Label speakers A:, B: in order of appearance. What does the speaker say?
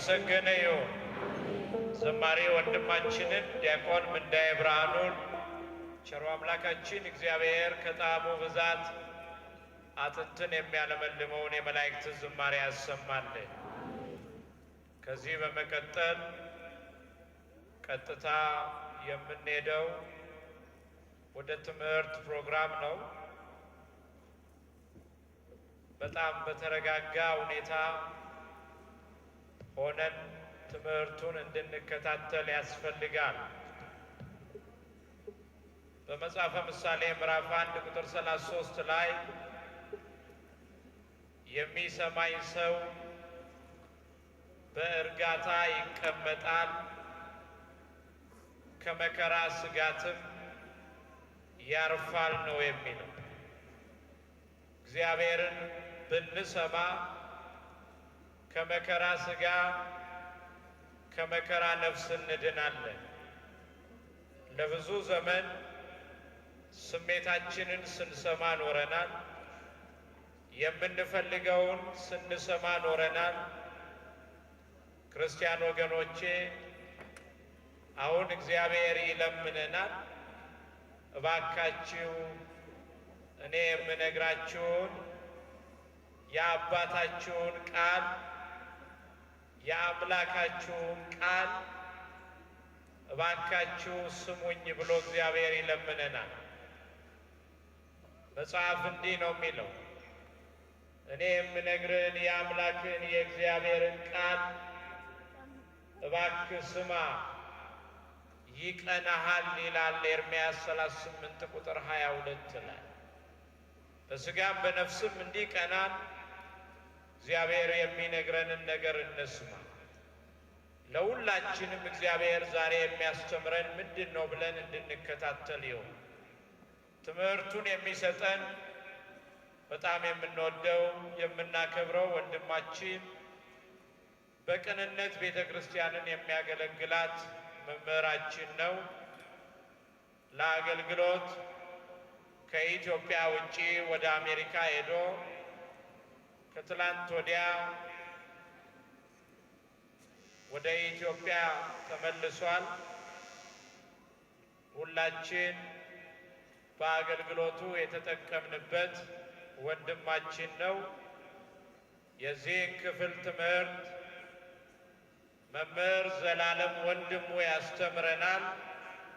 A: የተመሰገነ ይሁን። ዘማሪ ወንድማችንን ዲያቆን ምንዳይ ብርሃኑን ቸሮ አምላካችን እግዚአብሔር ከጣዕሙ ብዛት አጥንትን የሚያለመልመውን የመላእክትን ዝማሬ ያሰማልን። ከዚህ በመቀጠል ቀጥታ የምንሄደው ወደ ትምህርት ፕሮግራም ነው። በጣም በተረጋጋ ሁኔታ ሆነን ትምህርቱን እንድንከታተል ያስፈልጋል። በመጽሐፈ ምሳሌ ምዕራፍ አንድ ቁጥር 33 ላይ የሚሰማኝ ሰው በእርጋታ ይቀመጣል፣ ከመከራ ስጋትም ያርፋል ነው የሚለው። እግዚአብሔርን ብንሰማ ከመከራ ስጋ ከመከራ ነፍስ እንድናለን። ለብዙ ዘመን ስሜታችንን ስንሰማ ኖረናል። የምንፈልገውን ስንሰማ ኖረናል። ክርስቲያን ወገኖቼ አሁን እግዚአብሔር ይለምነናል፣ እባካችሁ እኔ የምነግራችሁን የአባታችሁን ቃል የአምላካችሁን ቃል እባካችሁ ስሙኝ ብሎ እግዚአብሔር ይለምነናል። መጽሐፍ እንዲህ ነው የሚለው፣ እኔ የምነግርህን የአምላክን የእግዚአብሔርን ቃል እባክህ ስማ ይቀናሃል ይላል። ኤርምያስ 38 ቁጥር 22 ላይ በስጋም በነፍስም እንዲቀናን እግዚአብሔር የሚነግረንን ነገር እንስማ። ለሁላችንም እግዚአብሔር ዛሬ የሚያስተምረን ምንድን ነው ብለን እንድንከታተል ይሆን ትምህርቱን የሚሰጠን በጣም የምንወደው የምናከብረው ወንድማችን በቅንነት ቤተ ክርስቲያንን የሚያገለግላት መምህራችን ነው። ለአገልግሎት ከኢትዮጵያ ውጪ ወደ አሜሪካ ሄዶ ከትላንት ወዲያ ወደ ኢትዮጵያ ተመልሷል። ሁላችን በአገልግሎቱ የተጠቀምንበት ወንድማችን ነው። የዚህን ክፍል ትምህርት መምህር ዘላለም ወንድሙ ያስተምረናል።